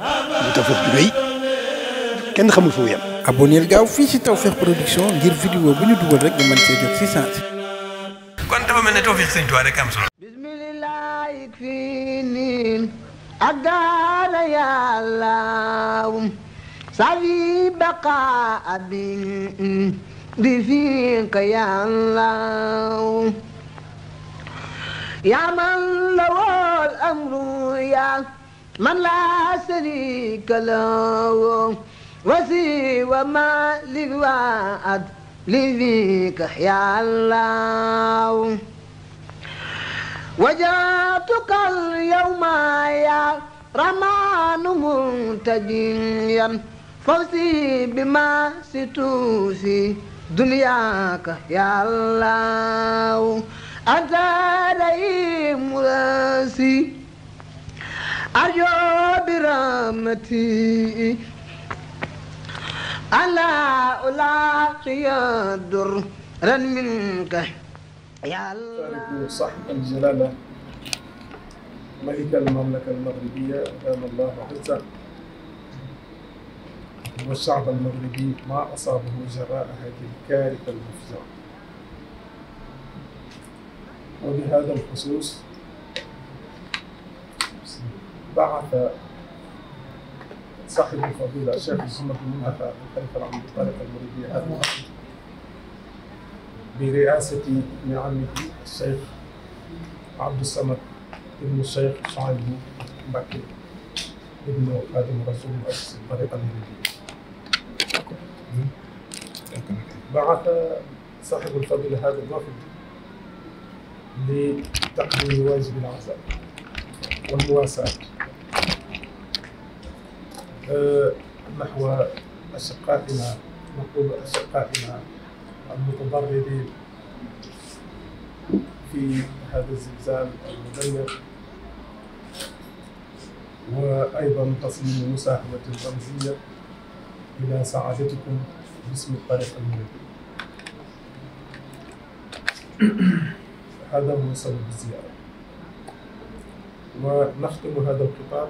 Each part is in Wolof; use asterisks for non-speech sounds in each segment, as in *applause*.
muy Tawfekh ju rëy kenn xamul fu mu yem. abonneel gaaw fii ci Tawfekh bu ñu dugal rek nga mën see jot si sens. kon dafa mel ne من لا شريك له وسوى ما للوعد لذيك يا الله وجاتك اليوم يا رمان منتجيا فوزي بما ستوفي دنياك يا الله أنت رئيم راسي أجو برامتي ألا ألاقي درا منك يا الله صاحب الجلالة ملك المملكة المغربية أدام الله عزه والشعب المغربي ما أصابه جراء هذه الكارثة المفزعة وبهذا الخصوص بعث صاحب الفضيلة شيخ محمد المنتفع الخليفة العام للطائفة المريدية هذا العام برئاسة ابن عمه الشيخ عبد الصمد ابن الشيخ شعيب بكر ابن خادم رسول مؤسس الطريقة المريدية بعث صاحب الفضيلة هذا الوفد لتقديم واجب العزاء والمواساة نحو أشقائنا نقول أشقائنا المتضررين في هذا الزلزال المدمر وأيضا تصميم مساهمة رمزية إلى سعادتكم باسم الطريق المنبه هذا هو سبب الزيارة ونختم هذا الخطاب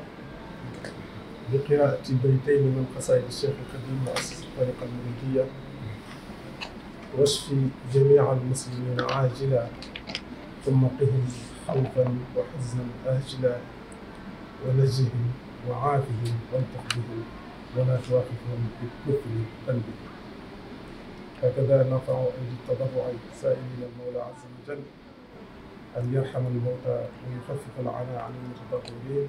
بقراءة بيتين من قصائد الشيخ القديم مؤسس الطريقة المريدية واشفي جميع المسلمين عاجلا ثم قهم خوفا وحزنا آجلا ونجهم وعافهم والطف بهم ولا توافقهم بكفر قلبه هكذا نرفع أيدي التضرع سائلين المولى عز وجل أن يرحم الموتى ويخفف العناء عن المتضررين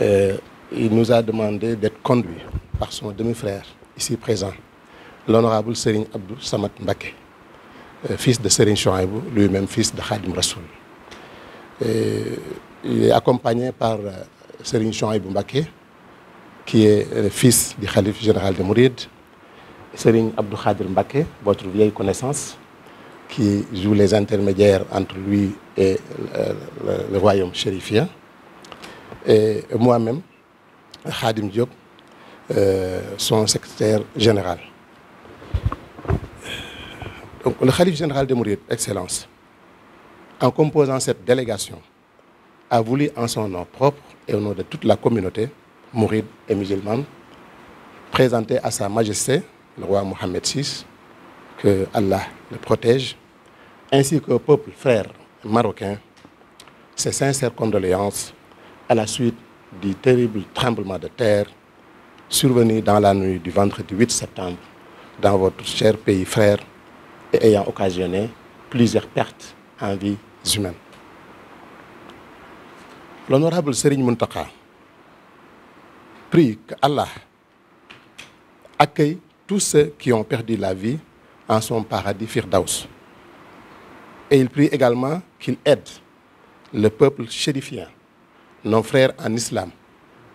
euh, il nous a demandé d'être conduit par son demi-frère ici présent, l'honorable Serigne Abdou Samad Mbake, euh, fils de Serigne Chouaïbou, lui-même fils de Khadim Rassoul. Euh, il est accompagné par euh, Serigne Chouaïbou Mbake, qui est le fils du Khalife général de Mouride, Serigne Abdou Khadir Mbake, votre vieille connaissance, qui joue les intermédiaires entre lui et euh, le, royaume chérifien. moi-même, Khadim Diop, euh, son secrétaire général. Donc, le Khalif général de Mouride, Excellence, en composant cette délégation, a voulu en son nom propre et au nom de toute la communauté mouride et musulmane présenter à Sa Majesté, le roi Mohamed VI, que Allah le protège, ainsi qu'au peuple frère marocain, ses sincères condoléances à la suite du terrible tremblement de terre survenu dans la nuit du vendredi 8 septembre dans votre cher pays frère et ayant occasionné plusieurs pertes en vies humaines. L'honorable Serigne Muntaka prie que accueille tous ceux qui ont perdu la vie en son paradis Firdaus. Et il prie également qu'il aide le peuple chérifien nos frères en islam,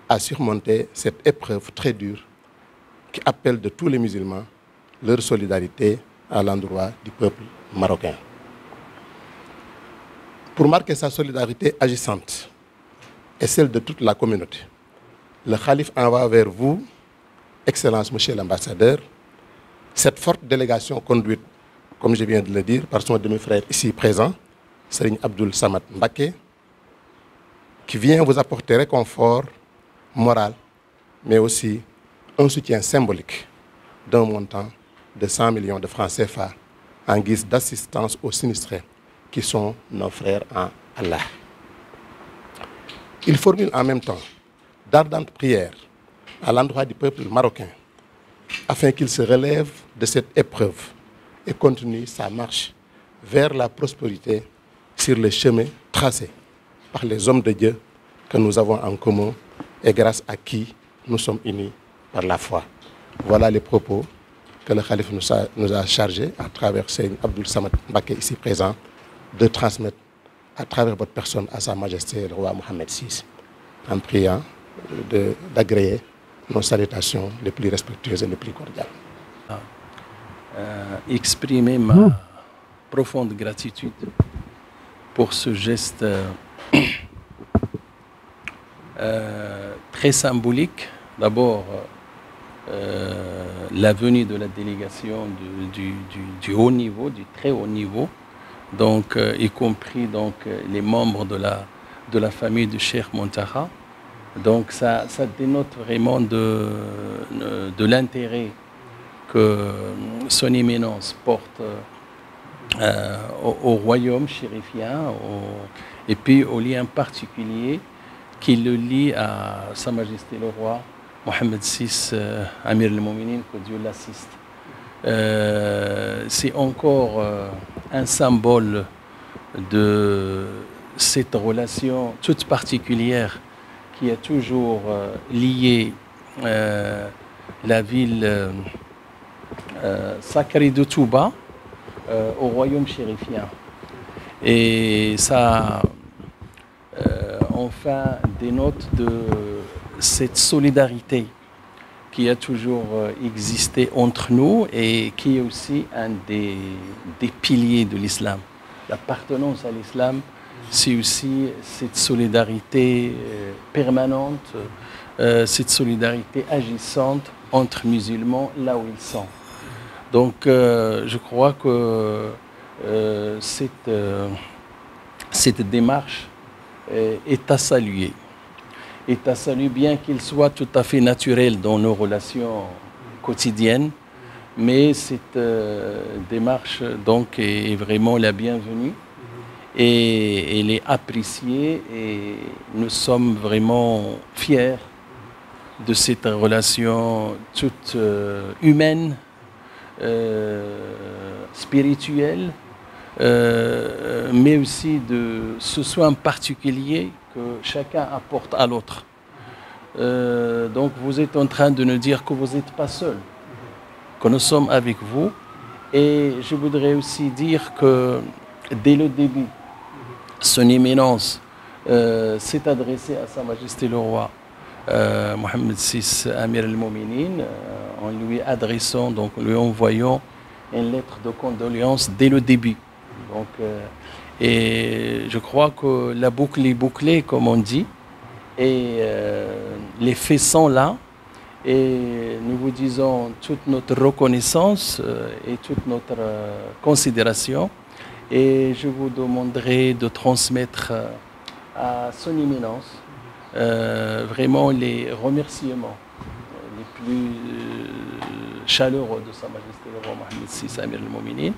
à surmonter cette épreuve très dure qui appelle de tous les musulmans leur solidarité à l'endroit du peuple marocain. Pour marquer sa solidarité agissante et celle de toute la communauté, le Khalif envoie vers vous, Excellence Monsieur l'Ambassadeur, cette forte délégation conduite, comme je viens de le dire, par son demi-frère ici présent, Serigne Abdoul Samad Mbacké, qui vient vous apporter réconfort moral, mais aussi un soutien symbolique d'un montant de 100 millions de francs CFA en guise d'assistance aux sinistrés qui sont nos frères en Allah. Il formule en même temps d'ardentes prières à l'endroit du peuple marocain afin qu'il se relève de cette épreuve et continue sa marche vers la prospérité sur le chemin tracé par les hommes de Dieu que nous avons en commun et grâce à qui nous sommes unis par la foi. Voilà les propos que le calife nous a, nous a chargés à travers Seigne Abdoul Samad Mbacké ici présent de transmettre à travers votre personne à Sa Majesté le roi Mohamed VI en priant de d'agréer nos salutations les plus respectueuses et les plus cordiales. Ah, euh, exprimer ma mmh. profonde gratitude pour ce geste euh, *coughs* euh très symbolique. D'abord, euh, euh, la venue de la délégation du, du, du, du, haut niveau, du très haut niveau, donc, euh, y compris donc, euh, les membres de la, de la famille du Cheikh Montara. Donc ça, ça dénote vraiment de, de l'intérêt que son éminence porte euh, au, au, royaume chérifien au, et puis au lien particulier qui le lie à Sa Majesté le Roi Mohamed VI, euh, Amir al-Mouminin, que Dieu l'assiste. Euh, c'est encore euh, un symbole de cette relation toute particulière qui a toujours euh, lié euh, la ville sacrée de Touba euh, au royaume chérifien. Et ça, euh, enfin, dénote de cette solidarité qui a toujours euh, existé entre nous et qui est aussi un des, des piliers de l'islam. L'appartenance à l'islam, c'est aussi cette solidarité euh, permanente, euh, cette solidarité agissante entre musulmans là où ils sont. Donc, euh, je crois que euh, cette, euh, cette, démarche est à saluer. Est à saluer, bien qu'il soit tout à fait naturel dans nos relations quotidiennes, mais cette euh, démarche donc est, est vraiment la bienvenue et elle est appréciée et nous sommes vraiment fiers de cette relation toute euh, humaine Euh, spirituel, euh, mais aussi de ce soin particulier que chacun apporte à l'autre. Euh, donc vous êtes en train de nous dire que vous n'êtes pas seul, que nous sommes avec vous. Et je voudrais aussi dire que dès le début, son éminence euh, s'est adressée à Sa Majesté le Roi Euh, Mohamed VI Amir al-Mouminin euh, en lui adressant donc lui envoyant une lettre de condoléances dès le début donc euh, et je crois que la boucle est bouclée comme on dit et les faits sont là et nous vous disons toute notre reconnaissance et toute notre considération et je vous demanderai de transmettre à son éminence euh, vraiment les remerciements les plus euh, chaleureux de Sa Majesté le roi Mohammed VI Amir al-Mouminin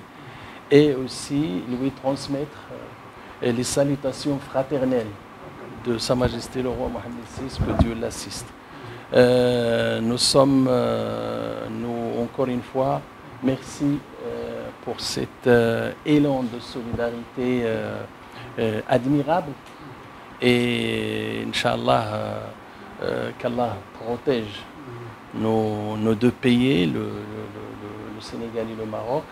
et aussi lui transmettre euh, les salutations fraternelles de Sa Majesté le roi Mohammed VI, que Dieu l'assiste. Euh, nous sommes, euh, nous, encore une fois, merci euh, pour cet euh, élan de solidarité admirable Et Inch'Allah, euh, euh, qu'Allah protège nos, nos, deux pays, le, le, le, le, Sénégal et le Maroc,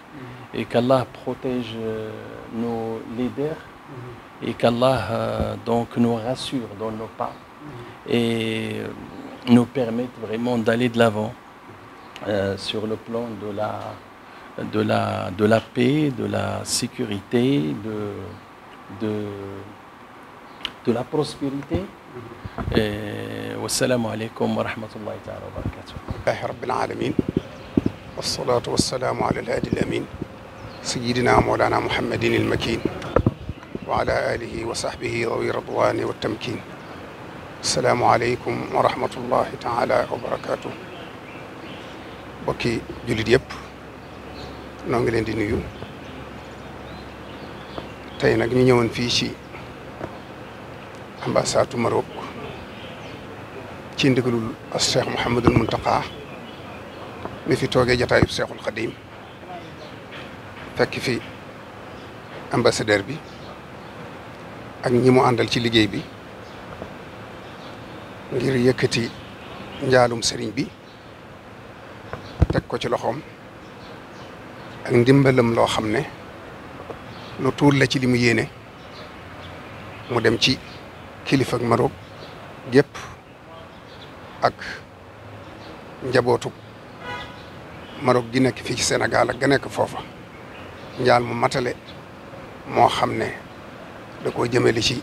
et qu'Allah protège euh, nos leaders, et qu'Allah euh, donc nous rassure dans nos pas et euh, nous permette vraiment d'aller de l'avant euh, sur le plan de la, de la, de la paix, de la sécurité, de, de de la prospérité. Euh, wasalaamualeykum wa rahmatullahi taala wa barakatuh. alhamdulilahi rabbil alamin wasalaatu wasalaamu ala alhaadi alamin sayidina moolana muhammadin almakin wa ala alihi wa sahbihi dawi radwani wattamkin asalaamu aleykum wa rahmatullahi taala wa barakatuh bokki jullit yëpp noo ngi leen di nuyu tey nag ñu ñëwoon fii ci ambassade Maroc ci ndigalul Cheikh Mouhamadul Mountakha mi fi toogee jataayub Cheikhul Khadim fekk fi ambassadeur bi ak ñimu mu àndal ci liggéey bi ngir yëkkati njaalum sëriñ bi teg ko ci loxoom ak ndimbalam loo xam ne lu tuur la ci li mu yéene mu dem ci kilifa maroog Maroc gépp ak njabootu Maroc gi nekk fii ci Sénégal ak ga nekk foofa njaal mu matale moo xam ne da koo jëmeli ci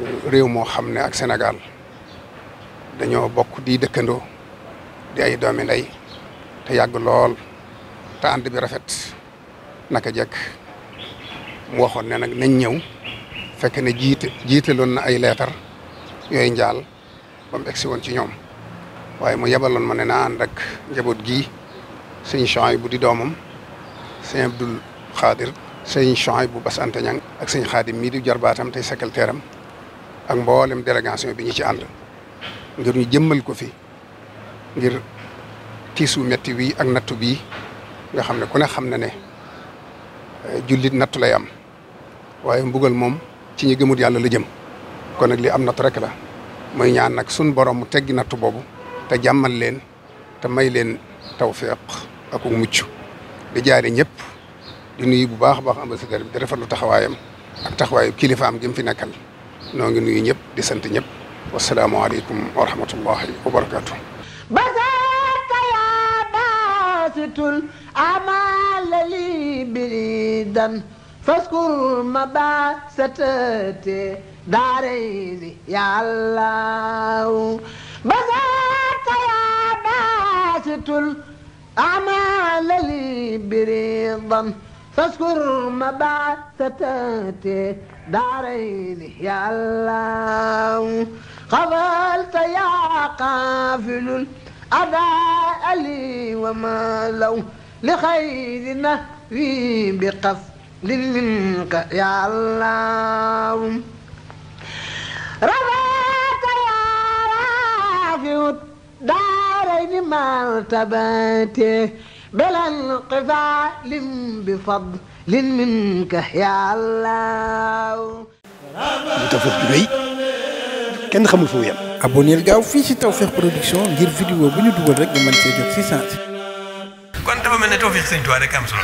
euh, réew moo xam ne ak Sénégal dañoo bokk di dëkkandoo di ay doomi ndey te yàgg lool te ànd bi rafet naka jekk mu waxoon ne nag nañ ñëw fekk ne jiite jiitaloon na ay leetar yooyu njaal ba mu woon ci ñoom waaye mu yebaloon ma ne na ànd ak njaboot gii sëñ Chouaïb bu di doomam sëñ Abdul Xaadir sëñ Chouaïb bu Bas Anta Ñang ak sëñ Xaadim mii di jarbaatam tey secrétaire am ak mboolem délégation bi ñu ci ànd ngir ñu jëmmal ko fi ngir tiisu metti wi ak nattu bii nga xam ne ku ne xam na ne eh, jullit nattu lay am waaye mbugal moom ci ñi gëmut yàlla la jëm kon nag li am na rek la muy ñaan nag sun boroom mu teggi nattu boobu te jàmmal leen te may leen tawfeex ak mucc di jaare ñëpp di nuyu bu baax a baax ambassadeur bi di rafetlu taxawaayam ak taxawaayu kilifaam gi fi nekkal noo ngi nuyu ñëpp di sant ñëpp wasalaamaaleykum wa rahmatullahi wa barakaatu. بذاك يا باسط الأمال لي بريدا فاذكر مباسطة داري يا الله بسطت يا باسط الأعمال لي برضا فاذكر مباسطة داري يا الله قبلت يا قافل الأداء لي وما لو لخيرنا في بقصد منك يا الله رفعت يا رافع الدارين مرتبتي بلا انقفال بفضل منك يا الله kenn xamul foo yem. abonneel gaaw fii ci Tawfekh Production ngir vidéo bu ñu dugal rek nga mën see jot si sens. kon dafa mel ne Tawfekh Sëriñ Tuubaa rek am